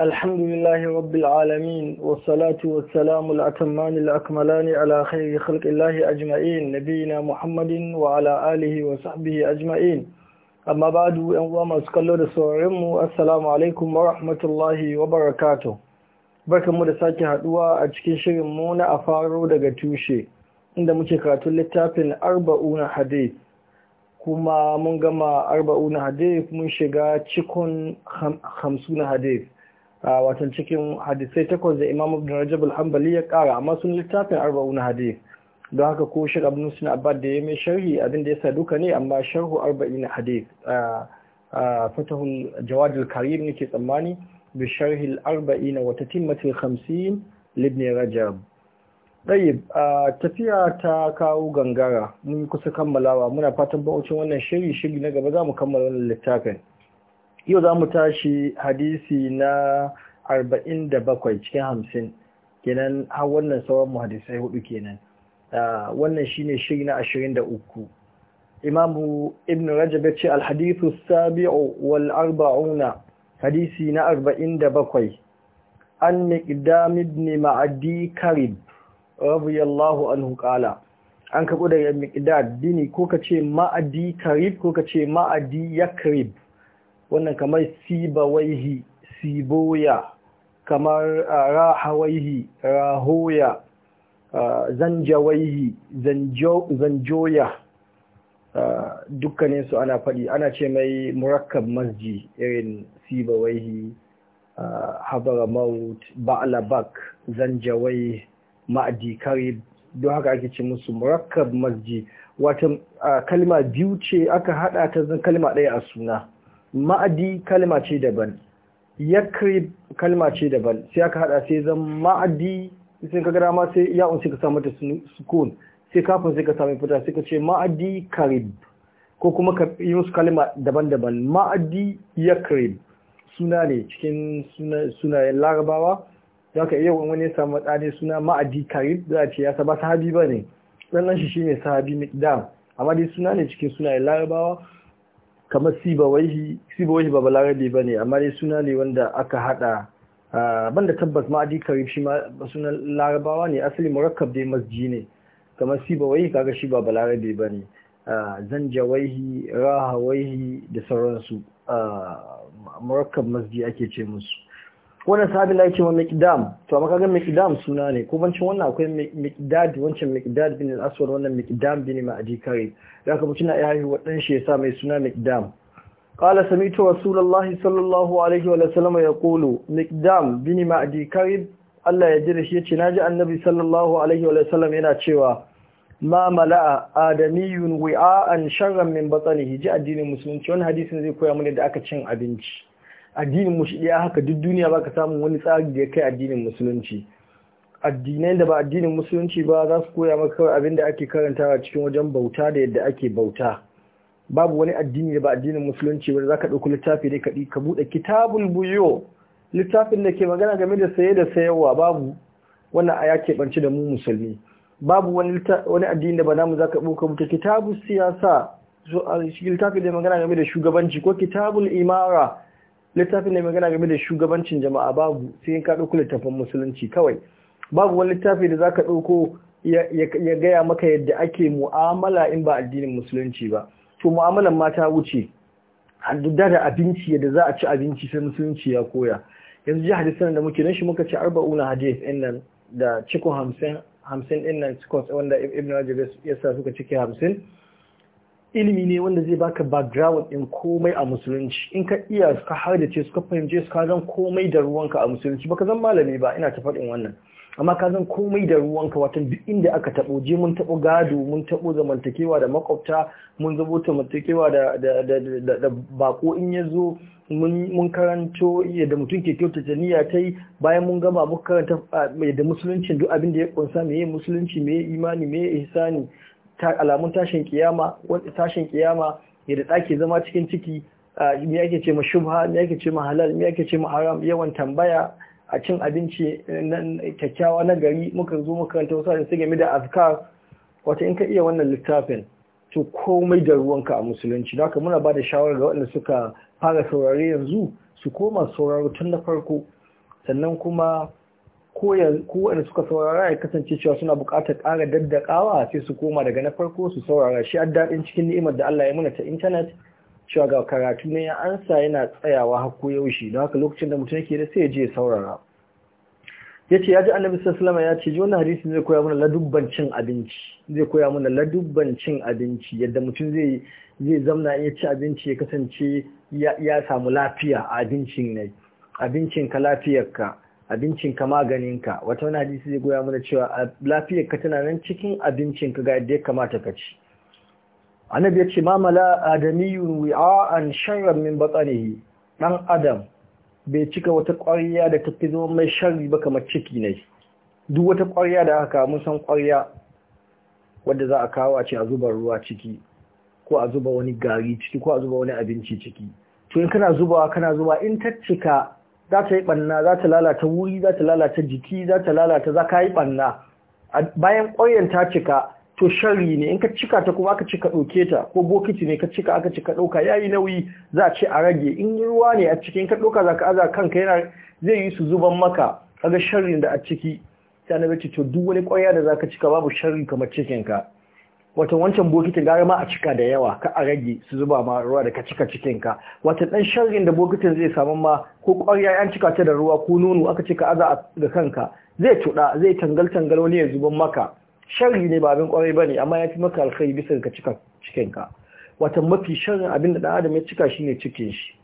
الحمد لله رب العالمين والصلاة والسلام الأتمان الأكملان على خير خلق الله أجمعين نبينا محمد وعلى آله وصحبه أجمعين أما بعد أنواما أسكالو رسوعهم السلام عليكم ورحمة الله وبركاته بركة مدساكي هدوى أجكي شرمون أفارو دغتوشي inda muke karatun littafin arba'una hadith kuma mun gama arba'una hadith mun shiga cikon hamsuna hadith watan cikin hadisai takwas da imam abu rajab al hambali ya kara amma sun littafin arba'u na hadi don haka ko shi abin suna abad da ya mai sharhi abin da ya sa duka ne amma sharhu arba'in hadith fatahul fatahun al-karim nake tsammani bi sharhi na arbain wa tatimmatil hamsin libn rajab Ɗaya tafiya ta kawo gangara mun kusa kammalawa muna fatan baucin wannan shiri shiri na gaba za mu kammala wannan littafin. yau za mu tashi hadisi na 47 cikin hamsin kenan har wannan sauran mu hadisai hudu kenan ah, wannan shine shiri na 23 imamu ibn rajab ya ce alhadithu sabi'u wal arba'una hadisi na 47 an miqdam ibn ma'adi karib radiyallahu anhu qala an kabu da miqdad dini ko kace ma'adi karib ko kace ma'adi yakrib wannan kamar sibawaihi siboya kamar ah, rahawaihi rahoya ah, zanjawaihi zanjoya ah, dukkanin su ana faɗi ana ce mai murakkab masji irin sibawaihi habara maut Zanja zanjawai ma'adi karib don haka ake ce musu murakkab masji wata kalma biyu ce aka hada ta zan kalma ɗaya a suna ma'adi kalma ce daban yakrib kalma ce daban sai aka hada sai zan ma'adi sai ka gara ma sai ya'un sai ka samu ta sukun sai kafin sai ka sami fita sai ka ce ma'adi karib ko kuma ka yi musu kalma daban-daban ma'adi yakrib suna ne cikin sunayen larabawa za ka iya wani ya samu ɗane suna ma'adi karib za a ce ya saba sahabi ba ne nan shi shi ne sahabi da amma dai suna ne cikin sunayen larabawa kamar siba sibawaihi ba balarabe ba ne amma dai suna ne wanda aka hada banda tabbas ma'adi karib shi ma sunan larabawa ne asali murakab dai masji ne kamar sibawaihi kaga shi ba balarabe ba ne raha waihi da sauransu murakab masji ake ce musu wannan sahabi la yake wa mikdam, to amma kaga miqdam suna ne ko bancin wannan akwai miqdad wancan miqdad bin al-aswad wannan miqdam bin ma'adi kare zaka mutuna ya yi dan shi yasa mai suna miqdam qala sami'tu rasulullahi sallallahu alaihi wa sallam yaqulu miqdam bin ma'adi kare Allah ya jira shi yace ji annabi sallallahu alaihi wa sallam yana cewa ma mala'a adamiyun wi'a'an sharran min batnihi ji addinin musulunci wannan hadisin zai koya mana da aka cin abinci addinin musulunci ɗaya haka duk duniya ba ka samun wani tsari da ya kai addinin musulunci addinai da ba addinin musulunci ba za su koya maka kawai abin da ake karantawa cikin wajen bauta da yadda ake bauta babu wani addini da ba addinin musulunci ba za ka ɗauki littafi da kaɗi ka buɗe kitabul buyo littafin da ke magana game da saye da sayarwa babu wannan a ya keɓance da mu musulmi babu wani addini da ba namu za ka ɗauka mutu kitabul siyasa littafin da magana game da shugabanci ko kitabul imara littafin ne magana game da shugabancin jama'a babu sai in ka ɗauko littafin musulunci kawai babu wani littafi da za ka ɗauko ya gaya maka yadda ake mu'amala in ba addinin musulunci ba to mu'amalan ma ta wuce hadda da abinci yadda za a ci abinci sai musulunci ya koya yanzu ji hadisan da muke nan shi muka ci arba'una hadis ɗin nan da cikin hamsin hamsin ɗin nan cikin wanda ibn rajab ya sa suka cike hamsin ilimi ne wanda zai baka background din komai a musulunci in ka iya suka har da ce suka fahimce su zan komai da ruwanka a musulunci baka zan malami ba ina ta faɗin wannan amma ka zan komai da ruwanka watan duk inda aka taɓo je mun taɓo gado mun taɓo zamantakewa da makwabta mun zabo zamantakewa da da bako in ya zo mun karanto yadda mutum ke kyauta niyya ta yi bayan mun gama muka karanta ah, da musulunci duk abin da ya kunsa me musulunci me imani me ihsani alamun tashin kiyama wanda tashin kiyama ya da ɗaki zama cikin ciki me yake ce ma shubha me yake ce ma halal me yake ce ma haram yawan tambaya a cin abinci eh, kyakkyawa na gari muka zo makaranta wasu da su game da azkar wata in ka iya wannan littafin to komai da ruwanka a musulunci don haka muna ba da shawarar ga waɗanda suka fara saurare yanzu su koma sauraro tun na farko sannan kuma ko wanda suka saurara ya kasance cewa suna buƙatar ƙara daddakawa sai su koma daga na farko su saurara shi daɗin cikin ni'imar da Allah ya muna ta intanet cewa ga karatu ne ya ansa yana tsayawa har ko yaushe don haka lokacin da mutum yake da sai ya je saurara ya ce ya ji annabi sallallahu ya ce wannan hadisi zai koya mana ladubban cin abinci zai koya mana ladubban cin abinci yadda mutum zai zai zamna ya ci abinci ya kasance ya samu lafiya a abincin ne abincin ka lafiyarka Abincin abincinka maganinka wata wani hadisi zai goya mana cewa lafiyar ka tana nan cikin abincin ka ga yadda ya kamata ka ci annabi ya ce mamala adamiyun wi'a'an sharran min batsanihi dan adam bai cika wata ƙwarya da ta fi zama mai sharri ba kamar ciki ne duk wata ƙwarya da aka mun san ƙwarya wadda za a kawo a ce a zuba ruwa ciki ko a zuba wani gari ciki ko a zuba wani abinci ciki to in kana zubawa kana zuba in ta cika za ta yi ɓanna za ta lalata wuri za ta lalata jiki za ta lalata za ka yi ɓanna bayan ƙwayan ta cika to shari ne in ka cika ta kuma aka cika ɗauke ta ko bokiti ne ka cika aka cika ɗauka ya yi nauyi za a ce a rage in yi ruwa ne a ciki in ka ɗauka za ka aza kanka yana zai yi su zuban maka kaga sharrin da a ciki ta na to duk wani ƙwaya da za ka cika babu sharri kamar cikinka wata wancan bokitin gara ma a cika da yawa ka a rage su zuba ma ruwa da ka cika cikinka wata dan sharrin da bokitin zai samu ma ko ƙwarya an cika ta da ruwa ko nono aka cika aza ga kanka zai tuɗa zai tangal tangal wani ya zuban maka sharri ne ba abin ƙwarai bane amma ya fi maka alkhairi bisa ka cika cikinka wata mafi sharrin abin da ɗan adam ya cika shine cikin shi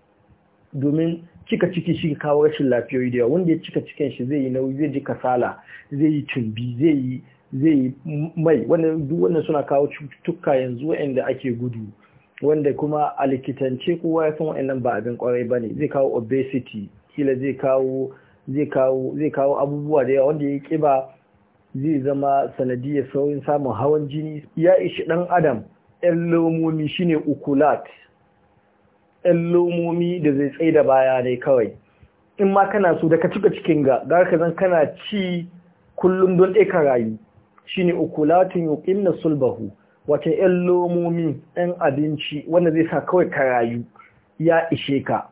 domin cika ciki shi kawo rashin lafiyoyi da yawa wanda ya cika cikin shi zai yi nauyi zai ji kasala zai yi tumbi zai yi zai mai wanda suna kawo cututtuka yanzu waɗanda ake gudu wanda kuma a likitance kowa ya san waɗannan ba abin kwarai ba ne zai kawo obesity kila zai kawo zai kawo abubuwa da yawa wanda ya kiba zai zama sanadiyar saurin samun hawan jini ya ishi dan adam yan lomomi shine ukulat yan lomomi da zai tsaye da baya ne kawai in ma kana so daga cika cikin ga gara ka zan kana ci kullum don ɗaya rayu shine ukulatin yuqinna sulbahu wata yan lomomi yan abinci wanda zai sa kawai ka rayu ya ishe ka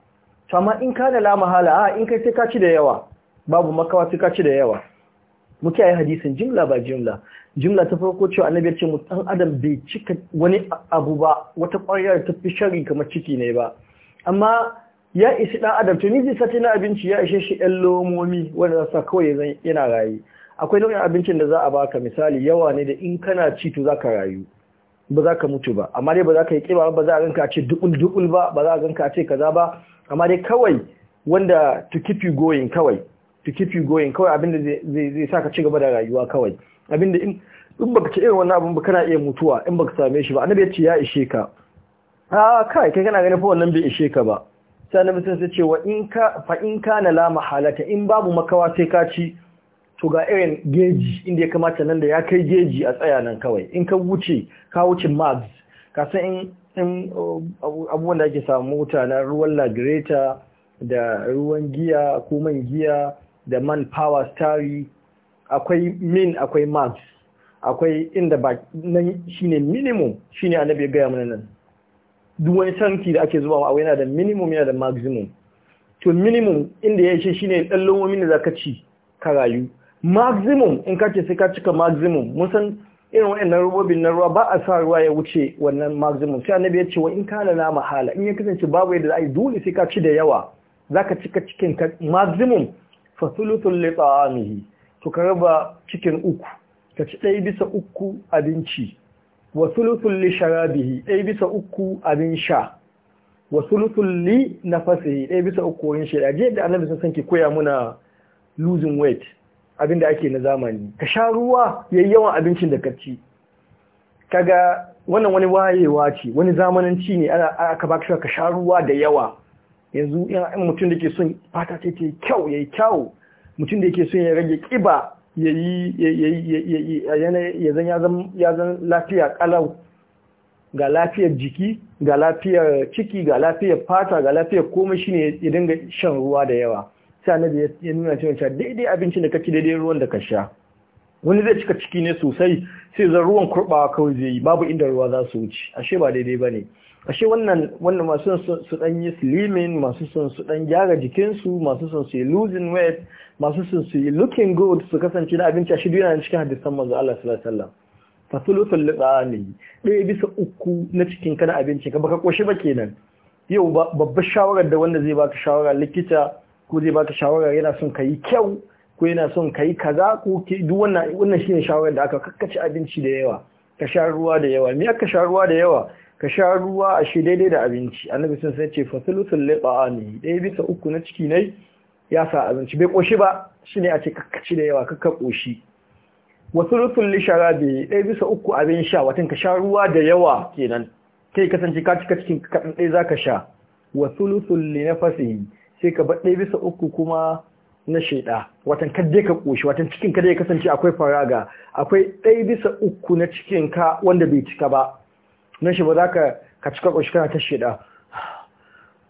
amma in ka da la mahala a in kai sai ka ci da yawa babu makawa sai ka ci da yawa muke yi hadisin jimla ba jimla jimla ta farko cewa annabi ya ce mu dan adam bai cika wani abu ba wata ƙwarya ta fi shari kamar ciki ne ba amma ya isi dan adam to ni zai sace na abinci ya ishe shi illomomi lomomi wanda zai sa kawai yana rayu akwai nau'in abincin da za a baka misali yawa ne da in kana ci to za ka rayu ba za ka mutu ba amma dai ba za ka yi kiba ba za a ganka a ce dukul dukul ba ba za a ganka a ce kaza ba amma dai kawai wanda to keep you going kawai to keep you going kawai abinda zai zai saka ci gaba da rayuwa kawai abinda in in baka ci irin wannan abin ba kana iya mutuwa in baka same shi ba annabi ya ce ya ishe ka a kai kai kana ganin fa wannan bai ishe ka ba sai annabi sai ce wa in ka fa in kana la mahalata in babu makawa sai ka ci to ga irin geji inda ya kamata nan da ya kai geji a tsaya nan kawai in ka wuce ka wuce mags ka san in uh, abubuwan da ake samu mota na ruwan lagreta da ruwan giya ko man giya da man power starry akwai min akwai mags. akwai inda ba nan shine minimum shine annabi gaya mana nan duk wani tanki da ake zuwa a yana da minimum yana da maximum to minimum inda ya shi shine dan lomomin da ka ci ka rayu maximum in ka ce sai ka cika maximum musan irin waɗannan robobin na ruwa ba a sa ruwa ya wuce wannan maximum sai annabi ya ce wa in kana na hala in ya kasance babu yadda ai dole sai ka ci da yawa zaka cika cikin ka maximum fa thuluthul li ta'amihi to ka raba cikin uku ka ci ɗaya bisa uku abinci wa thuluthul li sharabihi ɗaya bisa uku abin sha wa thuluthul li nafasihi ɗaya bisa uku wurin shi da annabi sun san ki koya muna losing weight abin da ake na zamani ka sha ruwa yayi yawan abincin da ka ci kaga wannan wani wayewa ce wani zamananci ne aka ba ka sha ruwa da yawa yanzu in mutum da ke son fata ce ta kyau yayi kyau mutum da ke son ya rage ƙiba, yayi ya zan ya zan lafiya kalau ga lafiyar jiki ga lafiyar ciki ga lafiyar fata ga lafiyar komai shine ya dinga shan ruwa da yawa sai annabi ya nuna cewa daidai abincin da ka ci daidai ruwan da ka sha wani zai cika ciki ne sosai sai zan ruwan kurbawa kawai zai yi babu inda ruwa za su wuce ashe ba daidai ba ne ashe wannan masu son su dan yi slimming masu son su dan gyara jikinsu masu son su yi losing weight masu son su yi looking good su kasance da abinci ashe duk yana cikin hadisan manzo Allah sallallahu alaihi wasallam fa thuluthul ɗaya bisa uku na cikin kana abinci ka baka koshi ba kenan yau babbar shawarar da wanda zai baka shawara likita ko zai baka shawara yana son ka yi kyau ko yana son ka yi kaza ko duk wannan wannan shine shawarar da aka kakkace abinci da yawa ka sha ruwa da yawa me aka sha ruwa da yawa ka sha ruwa a shi daidai da abinci annabi sun sai ce fasulutul liqa'ani dai bisa uku na ciki ne ya sa abinci bai koshi ba shine a ce kakkace da yawa kakka koshi wasulutul sharabi dai bisa uku abin sha watan ka sha ruwa da yawa kenan kai kasance ka cika cikin kadan dai zaka sha wasulutul nafsihi sai ka ɗaya bisa uku kuma na sheda watan kadde ka koshi watan cikin ka ya kasance akwai faraga akwai ɗaya bisa uku na cikin ka wanda bai cika ba nan shi ba za ka ka cika koshi kana ta sheda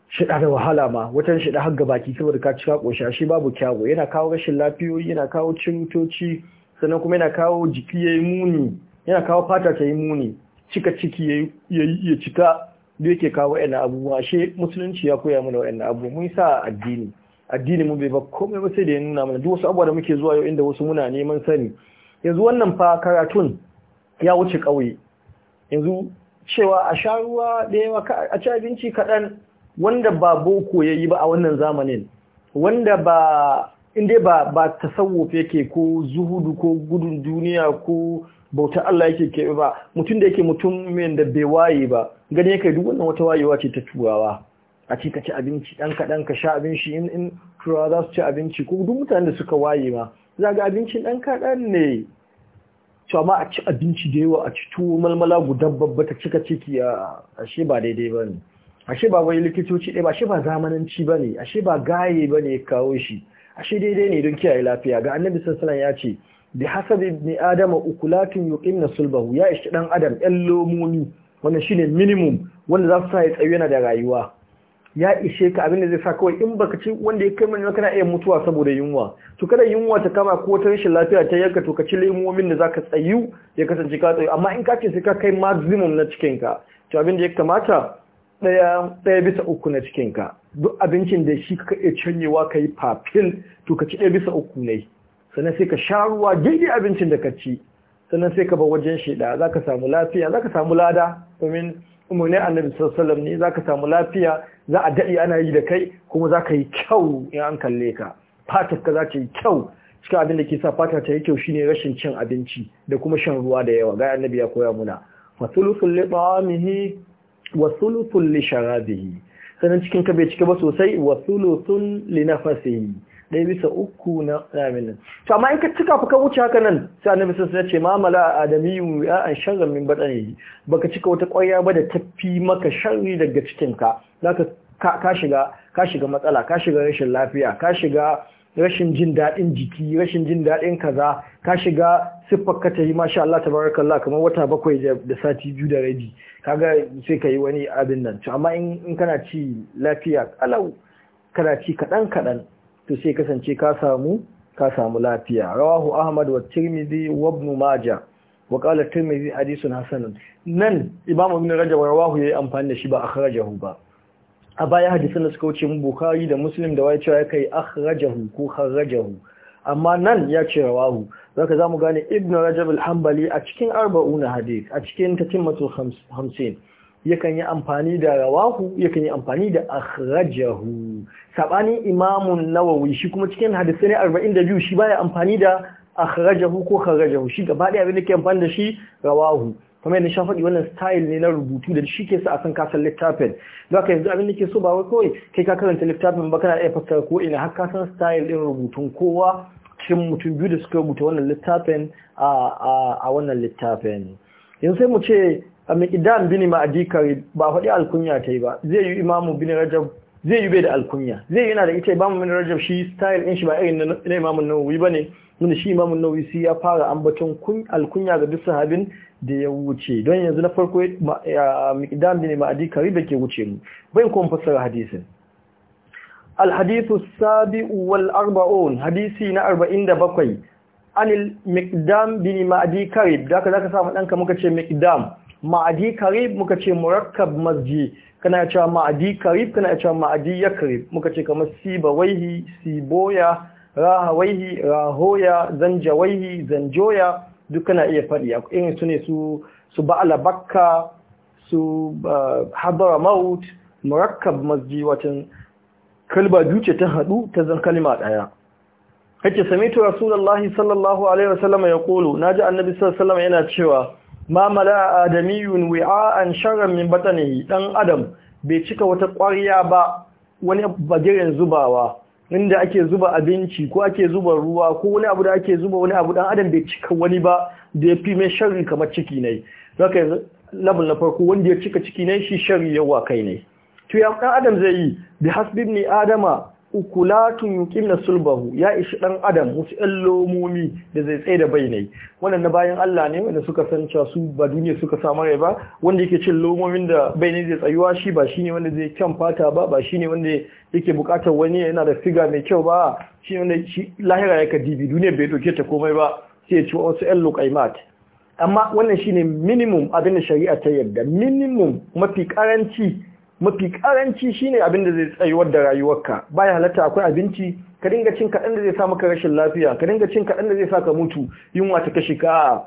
shida da wahala ma watan shida har baki saboda ka cika koshi shi babu kyawu yana kawo rashin lafiyoyi yana kawo cintoci sannan kuma yana kawo jiki yayi muni yana kawo fata ta yi muni cika ciki yayi ya cika duk yake kawo wa'in abubuwa shi musulunci ya koya mana wa'in abubuwa mun sa addini addini mu bai ba komai ba sai da ya nuna mana duk wasu abubuwa da muke zuwa yau inda wasu muna neman sani yanzu wannan fa karatun ya wuce kauye yanzu cewa a sha ruwa da yawa a ci abinci kaɗan wanda ba boko ya yi ba a wannan zamanin wanda ba in dai ba ba tasawuf yake ko zuhudu ko gudun duniya ko bauta Allah yake keɓe ba mutum da yake mai da bai waye ba gani yake duk wannan wata wayewa ce ta turawa a ce ka ci abinci ka kaɗan ka sha abinci in in turawa za su ci abinci ko duk mutanen da suka waye ma za ga abincin ka kaɗan ne to amma a ci abinci da yawa a ci tuwo malmala guda babba ta cika ciki a ashe ba daidai ba ne ashe ba wai likitoci ɗaya ba ashe ba zamananci ba ne ashe ba gaye ba ne kawo shi ashe daidai ne don kiyaye lafiya ga annabi sallallahu ya ce bi hasabi ibn adama ukulatin na sulbahu ya ishi dan adam yan lomoni wannan shine minimum wanda za su sa ya tsayu yana da rayuwa ya ishe ka da zai sa kawai in baka ci wanda ya kai mana kana iya mutuwa saboda yunwa to kada yunwa ta kama ko ta rashin lafiya ta yanka to ka ci lemomin da zaka tsayu ya kasance ka tsayu amma in ka ce sai ka kai maximum na cikin ka to abinda ya kamata daya daya bisa uku na cikin ka duk abincin da shi ka iya canyewa ka yi fafil to ka ci ɗaya bisa uku ne sannan sai ka sha ruwa daidai abincin da ka ci sannan sai ka bar wajen shida za ka samu lafiya za ka samu lada domin umarni annabi sallallahu ne za ka samu lafiya za a daɗe ana yi da kai kuma za ka yi kyau in an kalle ka fatar ka za ta yi kyau cikin abin da ke sa fata ta yi kyau shine rashin cin abinci da kuma shan ruwa da yawa ga annabi ya koya muna fa thuluthul li ta'amihi wa thuluthul li sharabihi sannan cikin ka bai cike ba sosai wa sulusun li nafasihi dai bisa uku na to amma in ka cika fa ka wuce haka nan sai annabi sun ce ma mala adamiyu ya an sharra min badani baka cika wata ƙwaya ba da tafi maka sharri daga cikin ka zaka ka shiga ka shiga matsala ka shiga rashin lafiya ka shiga rashin jin daɗin jiki rashin jin daɗin kaza ka shiga siffar ka ta yi masha Allah Allah. kamar wata bakwai da sati biyu da rabi kaga sai ka yi wani abin nan amma in kana ci lafiya kalau kana ci kaɗan kaɗan to sai kasance ka samu ka samu lafiya rawahu ahmad wa tirmidhi wa ibn majah wa qala tirmidhi hadithun hasan nan imamu ibn rajab rawahu yayi amfani da shi ba akhrajahu ba a baya hadisin da suka wuce mu bukhari da muslim da wai cewa kai akhrajahu ko kharrajahu amma nan ya ce rawahu zaka zamu gane ibnu rajab al-hanbali a cikin 40 hadith a cikin tatimatu 50 yakan yi amfani da rawahu yakan yi amfani da akhrajahu Saɓanin imamun nawawi shi kuma cikin arba'in ne 42 shi baya amfani da akhrajahu ko kharajahu shi gaba ɗaya abin da ke amfani da shi rawahu kuma yadda sha faɗi wannan style ne na rubutu da shi ke sa a san kasar littafin ba ka yanzu abin da ke so ba wai kawai kai ka karanta littafin ba kana iya fassara ko ina har ka style ɗin rubutun kowa cikin mutum biyu da suka rubuta wannan littafin a wannan littafin yanzu sai mu ce a idan bini ma ma'adikari ba faɗi alkunya ta yi ba zai yi imamu bini rajab zai yi bai da alkunya zai yana da ita imamu bini rajab shi style ɗin shi ba irin na imamun nawawi ba ne wanda shi imamun nawawi sai ya fara ambaton alkunya ga duk sahabin da ya wuce don yanzu na farko ya miƙidan da ne ma'adi da ke wuce mu bai kuma fasar hadisin alhadisu sabi'u wal arba'un hadisi na arba'in da bakwai anil miƙidan bin ma'adi kari da aka za samu ɗanka muka ce miƙidan ma'adi kari muka ce murakkab masji kana ya cewa ma'adi karib kana ya cewa ma'adi ya muka ce kamar siba waihi siboya rahawaihi rahoya zanjawaihi zanjoya duk kana iya faɗi irin su ne su ba ba'ala bakka su habara maut murakkab masji watan kalba duce ta haɗu ta zan kalima ɗaya kace samitu rasulullahi sallallahu alaihi wasallam ya kulu naji annabi sallallahu alaihi yana cewa ma mala adamiyun an sharran min batnihi dan adam bai cika wata ƙwariya ba wani bagiren zubawa inda ake zuba abinci ko ake zuba ruwa ko wani abu da ake zuba wani abu dan adam bai cika wani ba da ya fi mai shari kamar ciki ne zaka labul na farko wanda ya cika ciki ne shi sharri yawa kai ne to ya dan adam zai yi bi ni adama ukulatun yuqimna sulbahu ya ishi ɗan adam wasu ɗan lomomi da zai tsaye da bainai wannan na bayan Allah ne wanda suka san cewa su ba duniya suka samu rai ba wanda yake cin lomomin da bainai zai tsayuwa shi ba shine wanda zai kyan fata ba ba shine wanda yake bukatar wani yana da figa mai kyau ba shi wanda shi lahira yake dibi duniya bai doke ta komai ba sai ya ci wasu ɗan luqaimat amma wannan shine minimum abin da shari'a ta yarda minimum mafi karanci mafi karanci shine abin da zai tsayuwar da rayuwarka baya halatta akwai abinci ka dinga cin kaɗan da zai sa maka rashin lafiya ka dinga cin kaɗan da zai sa ka mutu yunwa ta kashe ka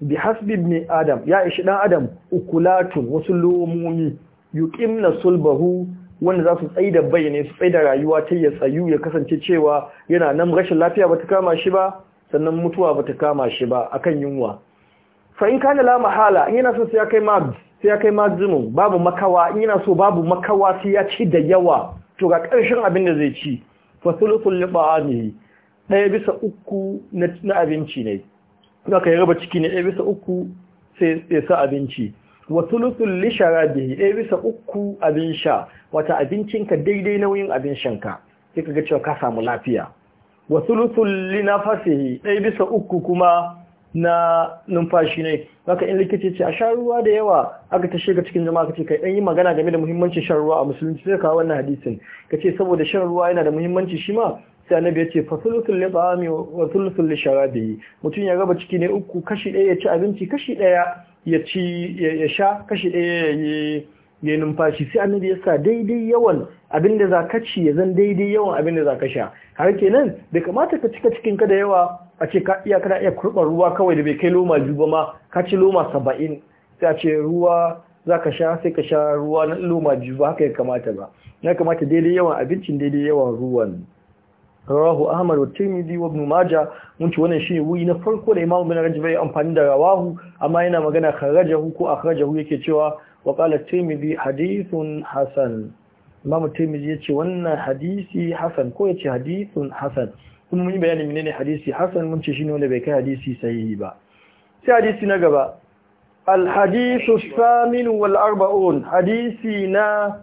bi hasbi ibn adam ya ishi dan adam ukulatun wasu lomomi. yuqimna sulbahu wanda za su tsaida bayyane su da rayuwa ta ya tsayu ya kasance cewa yana nan rashin lafiya bata kama shi ba sannan mutuwa bata kama shi ba akan yunwa fa in kana la mahala in yana son sai ya kai mabd sai ya kai maximum babu makawa in yana so babu makawa sai ya ci da yawa to ga ƙarshen abin da zai ci fasulusul liba'amihi ɗaya bisa uku na abinci ne za ka yi raba ciki ne ɗaya bisa uku sai ya sa abinci wasulusul lisharabihi ɗaya bisa uku abin sha wata abincinka daidai nauyin abin shanka sai ka ga cewa ka samu lafiya wasulusul linafasihi ɗaya bisa uku kuma na numfashi ne Baka in likita ce a sha ruwa da yawa aka ta shiga cikin jama'a kace kai dan yi magana game da muhimmancin shan ruwa a musulunci sai ka wannan hadisin kace saboda shan ruwa yana da muhimmanci shi ma sai annabi ya ce fa sulusul wa sulusul lisharabi mutun ya raba ciki ne uku kashi daya ya ci abinci kashi daya ya ci ya sha kashi daya ya ya numfashi sai annabi ya sa daidai yawan abin da za ka ci ya zan daidai yawan abin da za ka sha har kenan bai kamata ka cika cikin ka da yawa a ce ka iya kana iya kurɓa ruwa kawai da bai kai loma biyu ba ma ka ci loma saba'in sai ce ruwa za ka sha sai ka sha ruwa na loma biyu ba haka ya kamata ba ya kamata daidai yawan abincin daidai yawan ruwan rawahu ahmad wa tirmidhi wa ibn majah mun ci wannan shine wuri na farko da imamu bin rajab ya amfani da rawahu amma yana magana kharajahu ko akhrajahu yake cewa wa qala tirmidhi hadithun hasan imamu tirmidhi yace wannan hadisi hasan ko yace hadithun hasan kuma mun yi bayanin menene hadisi hasan mun ce shine wanda bai kai hadisi sahihi ba sai hadisi na gaba al hadithu thamin wal arba'un hadisi na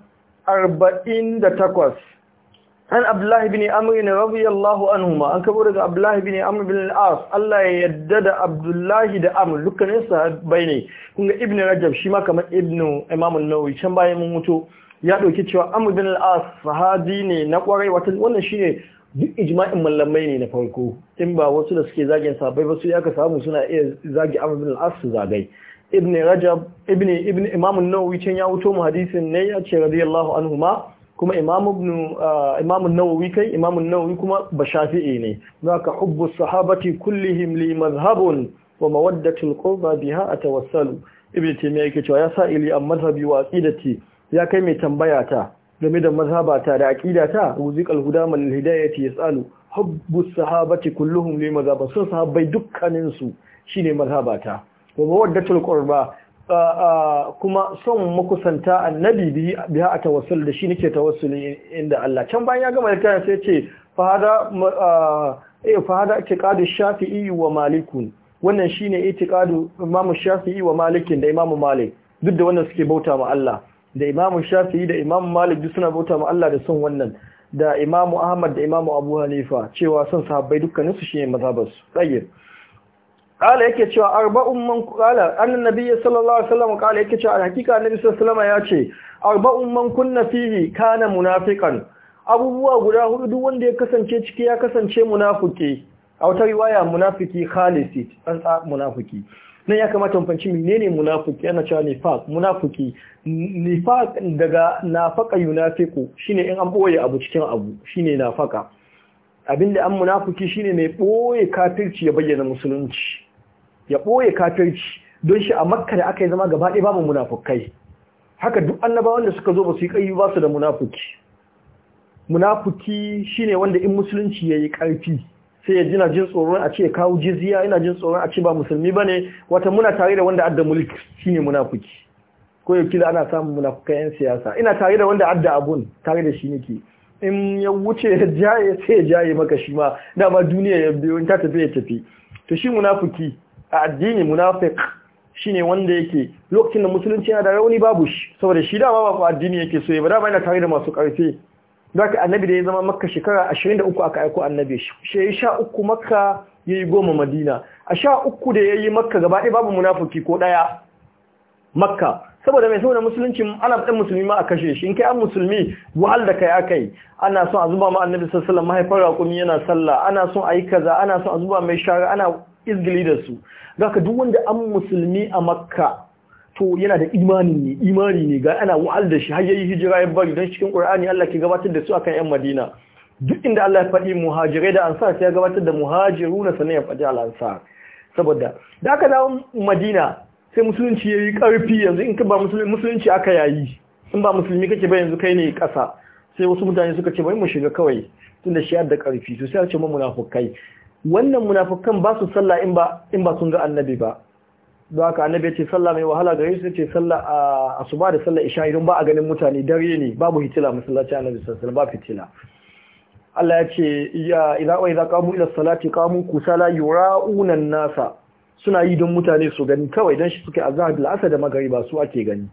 48 an abdullahi bin amr ne radiyallahu anhuma an kabo daga abdullahi bin amr bin al-as Allah ya yadda da abdullahi da amr dukkan sahabbai ne kun ga ibnu rajab shi ma kamar ibnu imam an-nawawi can bayan mun mutu ya dauki cewa amr bin al-as sahabi ne na kwarai wannan shine duk ijma'in mallamai ne na farko in ba wasu da suke zagin sabai ba su ya ka samu suna iya zagi amma bin al'asu zagai ibn rajab ibn ibn imam an-nawawi can ya wuto mu hadisin ne ya ce radiyallahu anhuma kuma imam ibn ah, imam an-nawawi kai imam an-nawawi kuma bashafi'i ne zaka hubbu sahabati kullihim li madhhabun wa al qurba biha atawassalu ibn taymiyyah yake cewa ya sa ili an madhhabi wa aqidati ya kai mai tambaya ta game da ta da aƙidata, ruziqal huda man hidayati yasalu hubbu sahabati kulluhum li mazhaba sun sahabbai dukkanin su shine mazhabata wa mawaddatul qurba kuma son makusanta annabi biha a tawassul da shi nake tawassul inda Allah can bayan ya gama littafin sai ce fa hada eh fa hada shafi'i wa malikun wannan shine i'tiqadu imamu shafi'i wa malikin da imamu malik duk da wannan suke bauta ma Allah da imamu Shafi da imamu malik duk suna bauta ma Allah da son wannan da imamu ahmad da imamu abu hanifa cewa son sahabbai dukkaninsu shine mazhabarsu tsayyib Ƙala yake cewa arba'un man Annan annabi sallallahu alaihi wasallam ƙala yake cewa hakika annabi sallallahu alaihi wasallam ya ce arba'un man kunna fihi kana munafiqan abubuwa guda hudu duk wanda ya kasance ciki ya kasance munafiki a wata riwaya munafiki khalisi tsantsa munafiki nan ya kamata mu fanci menene munafiki ana cewa nifaq munafiki nifaq daga nafaqa yunafiqu shine in an boye abu cikin abu shine nafaqa abinda an munafiki shine mai boye kafirci ya bayyana musulunci ya boye kafirci don shi a makka da aka yi zama gaba ɗaya babu munafukai haka duk annabawan da suka zo ba su yi ƙayyu ba su da munafuki munafuki shine wanda in musulunci yayi yi ƙarfi sai ya jina jin tsoron a ce kawo jiziya. yana jin tsoron a ce ba musulmi ba ne wata muna tare da wanda adda mulki shine munafuki ko yau kila ana samun munafukan yan siyasa ina tare da wanda adda abun tare da shi nake in ya wuce ya jaye sai ya jaye maka shi ma dama duniya ya biyo in ta tafi ya tafi to shi munafuki a addini munafik shine wanda yake lokacin da musulunci yana da rauni babu shi saboda shi dama ba addini yake so ya ba dama yana tare da masu karfe Zaka annabi da ya zama makka shekara 23 aka aiko annabi shi. Shi sha uku makka ya yi goma madina. A sha uku da ya yi makka gaba babu munafuki ko ɗaya makka. Saboda mai saboda musulunci ana ɗan musulmi ma a kashe shi in kai an musulmi wahal da kai aka yi. Ana son a zuba ma annabi sallallahu mahaifar raƙumi yana sallah. Ana son a yi kaza. Ana son a zuba mai shara. Ana izgili da su. Zaka duk wanda an musulmi a makka to yana da imani ne imani ne ga ana wa'al da shi har yi hijira ya bari don cikin Qur'ani Allah ke gabatar da su akan ƴan Madina duk inda Allah ya faɗi muhajirai da ansar sai ya gabatar da muhajiruna sannan ya faɗi al-ansar saboda da aka dawo Madina sai musulunci yayi ƙarfi yanzu in ka ba musulunci aka yayi in ba musulmi kake ba yanzu kai ne kasa sai wasu mutane suka ce bai mu shiga kawai tunda shi da karfi to sai a ce mu munafukai wannan munafukan ba su sallah in ba in ba sun ga annabi ba don haka annabi ya ce sallah mai wahala gare su ce sallah a asuba da sallah isha idan ba a ganin mutane dare ne babu hitila masallaci annabi sallallahu alaihi ba fitila Allah ya ce ya idza wa idza qamu ila salati qamu kusala yura'una nasa suna yi don mutane su gani kawai dan shi suke azhar da asr da magariba su ake gani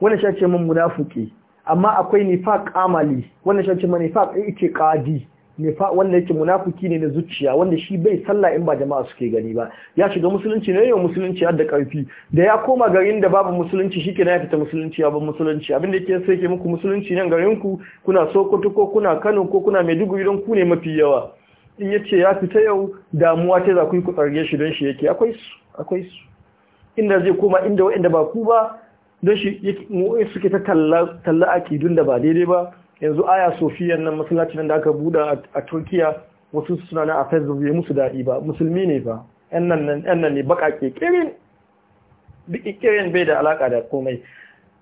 wannan shi ce mun munafiki amma akwai nifaq amali wannan shi ce mun nifaq ce qadi nifa wanda yake munafuki ne na zuciya wanda shi bai sallah in ba jama'a suke gani ba ya shiga musulunci ne yau musulunci har da karfi da ya koma garin da babu musulunci shike ya fita musulunci ya bar musulunci abin da yake sai ke muku musulunci nan garin ku kuna Sokoto ko kuna Kano ko kuna Maiduguri don ku ne mafi yawa in yace ya fita yau damuwa ta za ku yi ku tsarge shi don shi yake akwai su akwai su inda zai koma inda wa'anda ba ku ba don shi yake mu suke ta talla talla akidun da ba daidai ba yanzu aya sofiyan nan masallacin da aka buda a turkiya wasu suna na a facebook ya musu daɗi ba musulmi ne ba yan nan ne baka kekirin ƙirƙirin bai da alaka da komai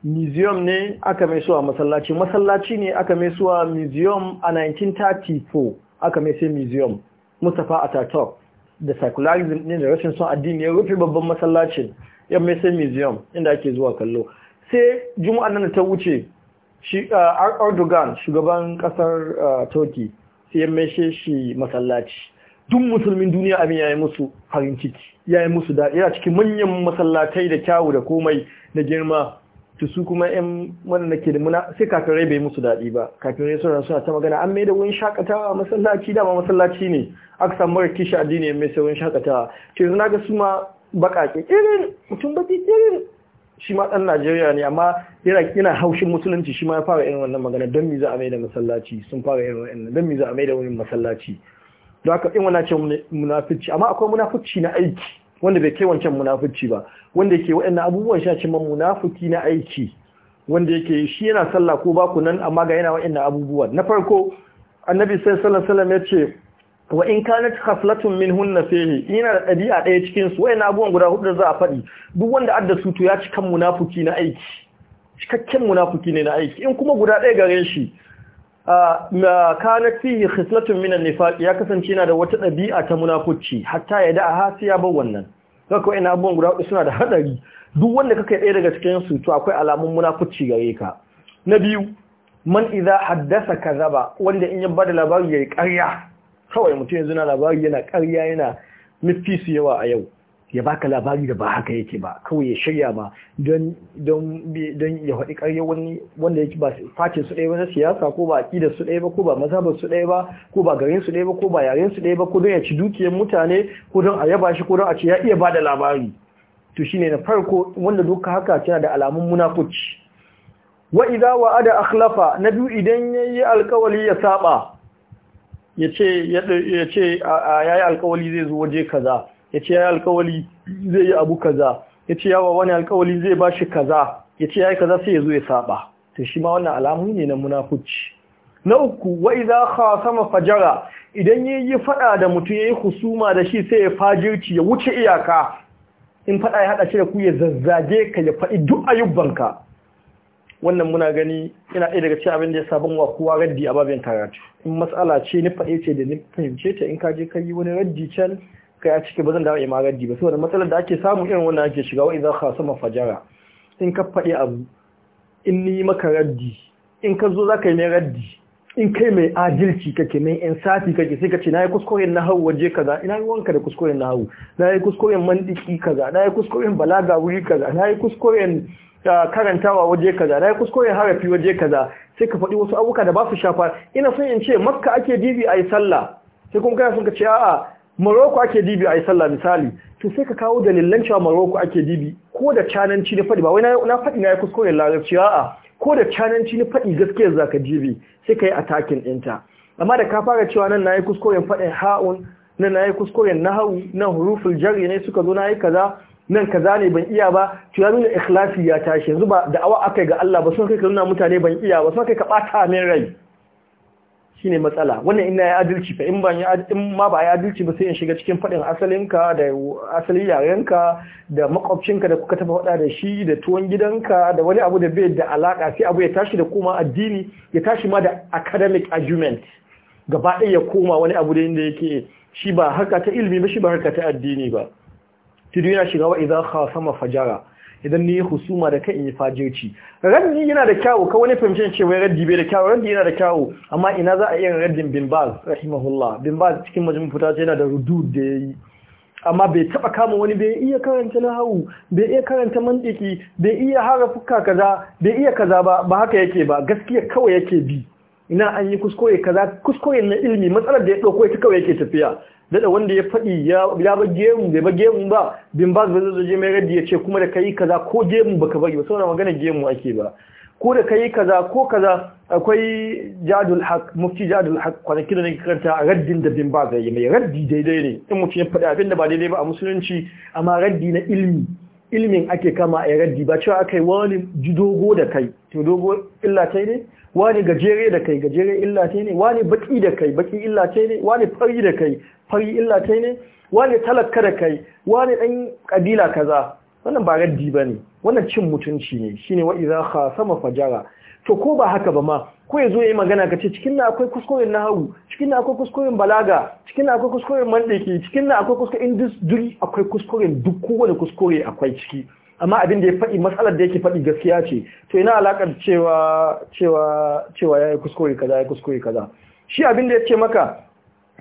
museum ne aka mai suwa masallaci masallaci ne aka mai suwa museum a 1934 aka mai sai museum mustapha ataturk da secularism ne da rashin son addini ya rufe babban masallacin ya mai sai museum inda ake zuwa kallo sai juma'an nan ta wuce shi uh, Erdogan shugaban kasar uh, Turkey sai ya meshe shi masallaci duk musulmin duniya abin ya yi musu farin ciki ya yi musu da yana cikin manyan masallatai da kyawu da komai da girma to su kuma yan wanda ke da muna sai kafirai bai musu daɗi ba kafirai suna suna ta magana an mai da wurin shakatawa masallaci dama masallaci ne aka samu mara kishi addini mai sai wani shakatawa to yanzu na ga su ma baƙaƙe irin mutum baƙi irin shi ma ɗan Najeriya ne amma yana haushin musulunci shi ma ya fara irin wannan magana don mi za a maida masallaci sun fara irin wannan don mi za a maida wurin masallaci don haka in wana ce munafici amma akwai munafici na aiki wanda bai kai wancan munafici ba wanda yake waɗannan abubuwan sha ce man munafiki na aiki wanda yake shi yana sallah ko ba ku nan amma ga yana waɗannan abubuwan na farko annabi sallallahu alaihi wasallam ya ce wa in kanat khaflatun minhunna fihi ina da ɗabi'a ɗaya cikin su wayan abubuwan guda hudu za a faɗi duk wanda adda su to ya cikan munafiki na aiki cikakken munafiki ne na aiki in kuma guda ɗaya gare shi kanat fihi khaflatun minan nifaq ya kasance yana da wata ɗabi'a ta munafici hatta ya da ya ba wannan kaka wayan abubuwan guda hudu suna da hadari duk wanda kake ɗaya daga cikin su to akwai alamun munafici gare ka na biyu man idza haddasa kazaba wanda in ya bada labari yayi ƙarya kawai mutum yanzu na labari yana karya yana su yawa a yau ya baka labari da ba haka yake ba kawai ya shirya ba don ya haɗi karya wani wanda yake ba facin su ɗaya ba na siyasa ko ba aƙida su ɗaya ba ko ba mazhabar su ɗaya ba ko ba garin su ɗaya ba ko ba yaren su ɗaya ba ko don ya ci dukiyar mutane ko don a yaba shi ko don a ce ya iya ba da labari to shine na farko wanda duka haka tana da alamun munafuci wa idza wa'ada akhlafa na biyu idan yayi alkawari ya saba ya ce ya yi alkawali zai zo waje kaza ya ce ya yi alkawali zai yi abu kaza ya ce yawa wani alkawali zai ba shi kaza ya ce ya yi kaza sai ya zo ya saba to shi ma wannan alamu ne na munafuci na uku wa idza sama fajara idan yayi fada da mutum yi husuma da shi sai ya fajirci ya wuce iyaka in fada ya hada shi da ku ya zazzage ka ya fadi duk ayyubanka wannan muna gani yana ɗaya daga cikin abin da ya sabon wa kowa raddi a babin karatu in matsala ce ni faɗe ce da ni fahimce ta in ka je kai wani raddi can kai a ciki ba zan dawo ima raddi ba saboda matsalar da ake samu irin wannan ake shiga wa idan sama fajara in ka faɗi abu in ni maka raddi in ka zo za ka yi mai raddi in kai mai adalci kake mai insafi kake sai ka ce na yi kuskuren na hau waje kaza ina ruwanka da kuskuren na hau na yi kuskuren mandiki kaza na yi kuskuren balaga wuri kaza na yi kuskuren karantawa waje kaza na kuskure harafi waje kaza sai ka faɗi wasu abuka da ba su shafa ina son in ce makka ake dibi a yi sallah sai kuma kana son ka ce a'a maroko ake dibi a yi sallah misali to sai ka kawo dalilan cewa maroko ake dibi ko da cananci na faɗi ba wai na faɗi na yi kuskure larabci a'a ko da cananci na faɗi gaskiyar zaka dibi sai ka yi attacking ɗinta amma da ka fara cewa nan na yi kuskuren faɗin ha'un nan na yi kuskuren nahawu na huruful jari ne suka zo na yi kaza nan kaza ne ban iya ba to ya nuna ikhlasi ya tashi yanzu ba da da'awa akai ga Allah ba sun kai ka nuna mutane ban iya ba sun kai ka bata min rai shine matsala wannan ina ya adalci fa in ban ma ba ya adalci ba sai in shiga cikin faɗin asalinka da asalin yarenka da makwabcinka da kuka taba faɗa da shi da tuwon gidanka da wani abu da bai da alaka sai abu ya tashi da koma addini ya tashi ma da academic argument gaba ɗaya ya koma wani abu da yake shi ba harka ta ilimi ba shi ba harka ta addini ba tudu yana shiga wa idan khasama fajara idan ni husuma da kai in yi fajirci raddi yana da kyawu ka wani fahimci ce wai raddi bai da kyawu raddi yana da kyawu amma ina za a iya raddin bin baz rahimahullah bin baz cikin majmu fita yana da rudud da yayi amma bai taba kama wani bai iya karanta nahawu bai iya karanta mantiki bai iya harafuka kaza bai iya kaza ba ba haka yake ba gaskiya kawai yake bi ina an yi kuskure kaza kuskure na ilimi matsalar da ya dauko ita kawai yake tafiya dada wanda ya faɗi ya ba gemu bai ba gemu ba bin ba zai zoje mai radi ya ce kuma da kayi kaza ko gemu baka bari ba saboda magana gemu ake ba ko da kai kaza ko kaza akwai jadul haq mufti jadul haq kwanaki da nake karanta a raddin da bin ba zai mai raddi daidai ne in mutum ya faɗi abin da ba daidai ba a musulunci amma raddi na ilmi ilmin ake kama a raddi ba cewa akai wani dogo da kai to dogo illa kai ne wani gajere da kai gajere illa ce ne wani baki da kai baki illa ce ne wani fari da kai fari illa ce ne wani talaka da kai wani dan kabila kaza wannan ba raddi bane wannan cin mutunci ne shine wa idza khasama fajara to ko ba haka ba ma ko ya zo ya yi magana ka ce cikin na akwai kuskuren Nahu? cikin na akwai kuskuren balaga cikin na akwai kuskuren mandaki cikin na akwai kuskuren indus duri akwai kuskuren duk kowane kuskure akwai ciki amma abin da ya faɗi matsalar da yake faɗi gaskiya ce to ina alakar cewa cewa cewa yayi kuskure kaza yayi kuskure kaza shi abin da yace maka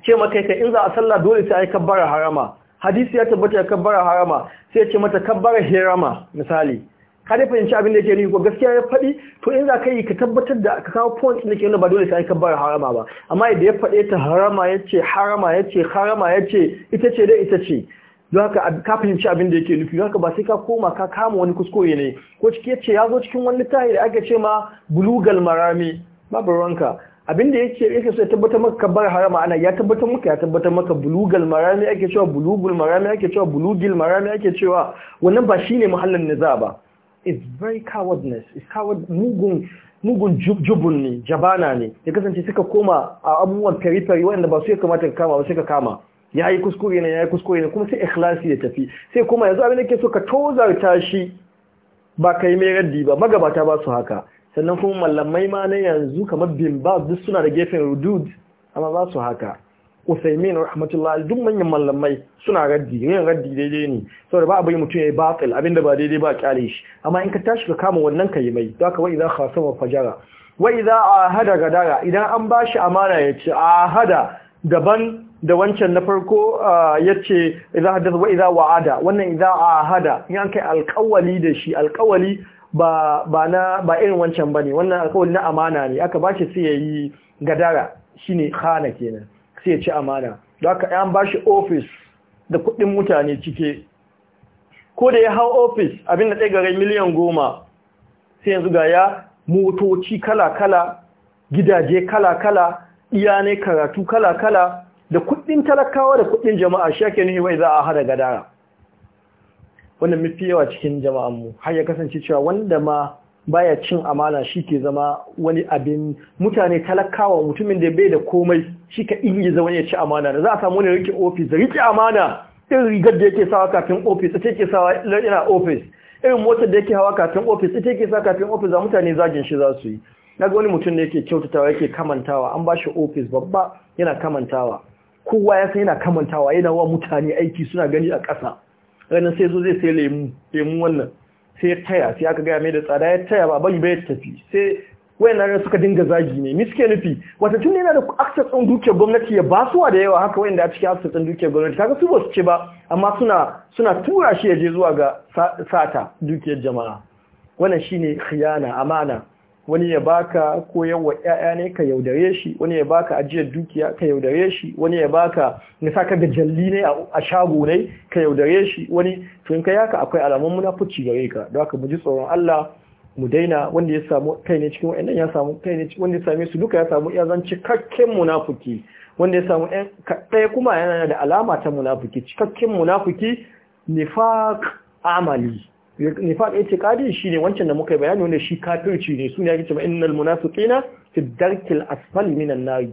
ce maka kai in za a sallah dole sai ai kabbara harama hadisi ya tabbata ya kabbara harama sai ya ce mata kabbara hirama misali ka dai fahimci abin da yake ni ko gaskiya ya faɗi to in za ka yi ka tabbatar da ka kawo point da ke ba dole sai ai kabbara harama ba amma idan ya faɗe ta harama ya harama ya harama ya ce ita ce dai ita ce don haka ka fahimci abin da yake nufi don haka ba sai ka koma ka kama wani kuskure ne ko cike ce ya zo cikin wani littafi da aka ce ma bulugal marami babu ruwanka abin da yake yake so ya tabbatar maka kabbar harama ana ya tabbatar maka ya tabbatar maka bulugal marami ake cewa bulugul marami ake cewa bulugil marami ake cewa wannan ba shine muhallin niza ba it's very cowardness it's coward mugun mugun jubun ne jabana ne ya kasance suka koma a abubuwan fari wanda ba su ya kamata ka kama ba sai ka kama ya yi kuskure ne ya yi kuskure ne kuma sai ikhlasi ya tafi sai kuma yanzu abin da ke so ka tozarta shi ba ka yi mai raddi ba magabata ba su haka sannan kuma mallamai ma na yanzu kamar bin duk suna da gefen rudud amma ba su haka usaimin rahmatullah duk manyan mallamai suna raddi yin raddi daidai ne saboda ba abin mutum ya yi abin abinda ba daidai ba kyale shi amma in ka tashi ka kama wannan ka yi mai za ka za ka sama fajara za a hada gadara idan an bashi amana ya ce a hada daban da wancan na farko yace idza hadatha wa idza wa'ada wannan idza ahada in an kai alƙawali da shi alƙawali ba ba na ba irin wancan bane wannan alƙawali na amana ne aka bashi sai yayi gadara shine khana kenan sai ya ci amana don haka an bashi ofis da kudin mutane cike ko da ya hau ofis abin da tsaye gare miliyan goma sai yanzu ga ya motoci kala-kala gidaje kala-kala iyanai karatu kala-kala da kuɗin talakawa da kuɗin jama'a shi ake nuhi wai za a hada gadara wannan mafi yawa cikin jama'anmu har ya kasance cewa wanda ma baya cin amana shi ke zama wani abin mutane talakawa mutumin da bai da komai shi ka ingiza wani ya ci amana da za a samu wani rike ofis da rike amana irin rigar da yake sawa kafin ofis ita ke sawa ina ofis irin motar da yake hawa kafin ofis ita ke sawa kafin ofis za mutane zagin shi za su yi na ga wani mutum da yake kyautatawa yake kamantawa an ba shi ofis babba yana kamantawa kowa ya san yana kamantawa yana wa mutane aiki suna gani a ƙasa ranar sai zo zai sai lemu lemu wannan sai taya sai aka gaya mai da tsada ya taya ba bari bai tafi sai wayannan ran suka dinga zagi ne miske nufi wata tun yana da access ɗin dukiyar gwamnati ya basuwa da yawa haka wayanda a cikin access ɗin dukiyar gwamnati kaga su ba su ce ba amma suna suna tura shi ya je zuwa ga sata dukiyar jama'a wannan shine khiyana amana wani ya baka koyarwa ƴaƴa ne ka yaudare shi wani ya baka ajiyar dukiya ka yaudare shi wani ya baka na saka ga jalli ne a shago ne ka yaudare shi wani to in kai haka akwai alamun munafici gare ka don haka mu tsoron Allah mu daina wanda ya samu kai ne cikin wa'annan ya samu kai ne wanda ya same su duka ya samu ya zan cikakken munafuki. wanda ya samu ɗan kaɗai kuma yana da alama ta munafuki. cikakken munafuki nifaq amali nifaq itiqadi shine wancan da muka bayani wanda shi kafirci ne sune yake cewa innal munafiqina fi darkil asfali minan nar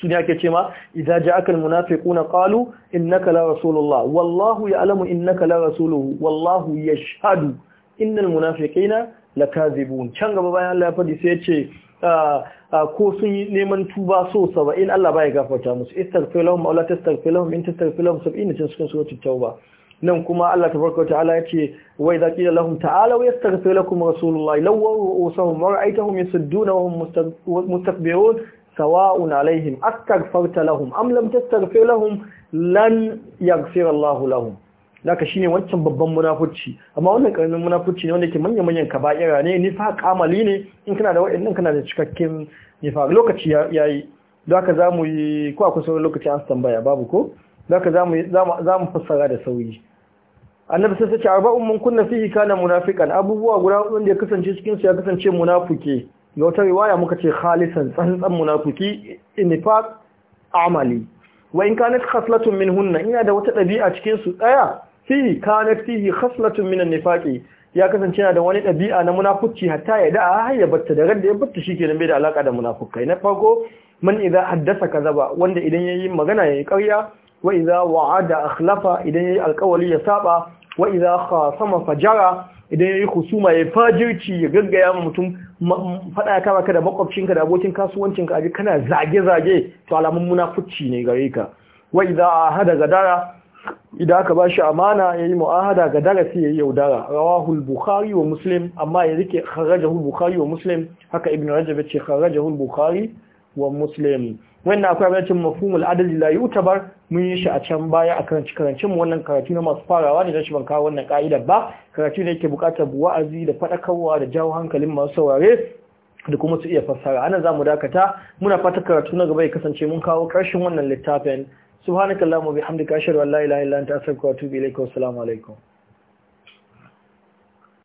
sune yake cewa idza ja'aka al munafiquna qalu innaka la rasulullah wallahu ya'lamu innaka la rasuluhu wallahu yashhadu innal munafiqina lakazibun can gaba bayan Allah ya fadi sai yace ah, ah, ko sun yi neman tuba so 70 Allah baya gafarta musu istaghfir lahum aw la tastaghfir lahum in tastaghfir lahum 70 cikin suratul tauba nan kuma Allah tabaraka ta'ala yace wa idza da lahum ta'alu yastaghfir lakum rasulullah lawaw usahum wa ra'aytahum yasudduna wa hum mustakbirun sawa'un alaihim astaghfarta lahum am lam tastaghfir lahum lan yaghfir Allah lahum shi shine wancan babban munafurci. amma wannan karamin munafuci ne wanda yake manyan manyan kaba'ira ne nifaq amali ne in kana da wa'annan kana da cikakken nifaq lokaci yayi don haka zamu yi ko akwai sauran lokaci an tambaya babu ko don haka zamu zamu fassara da sauyi annabi sai sace arba'un mun kunna fihi kana munafiqan abubuwa guda hudu da ya kasance cikin su ya kasance munafuki. ga wata riwaya muka ce khalisan tsantsan munafiki inifaq amali wa in kanat khaslatun minhunna ina da wata dabi'a cikin su daya fihi kanat fihi khaslatun minan nifaqi ya kasance yana da wani dabi'a na munafuci hatta ya da har ya batta da yabata ya batta shikenan bai da alaka da munafukai na farko man idza haddasa kazaba wanda idan yayi magana yayi ƙarya wa idza wa'ada akhlafa idan yayi alƙawari ya saba wa idza khasama fajara idan yayi husuma ya fajirci ya gaggaya ma mutum fada ya kama da makwabcinka da abokin kasuwancinka aji kana zage zage to alamun munafici ne gare ka wa idza ahada gadara idan aka ba shi amana yayi mu'ahada ga darasi yayi yaudara rawahu al-bukhari wa muslim amma ya rike kharajahu al-bukhari wa muslim haka ibnu rajab ya ce kharajahu al-bukhari wa muslim wanda akwai abincin mafumul adali la yutabar mun yi shi a can baya a karanci karancinmu? wannan karatu na masu farawa ne rashin ban kawo wannan ka'idar ba karatu ne yake bukatar wa'azi da faɗakarwa da jawo hankalin masu saurare da kuma su iya fassara ana za mu dakata muna fata karatu na gaba ya kasance mun kawo ƙarshen wannan littafin subhanakallahumma bihamdika ashhadu an la ilaha illa anta astaghfiruka wa atubu ilaik wa assalamu alaikum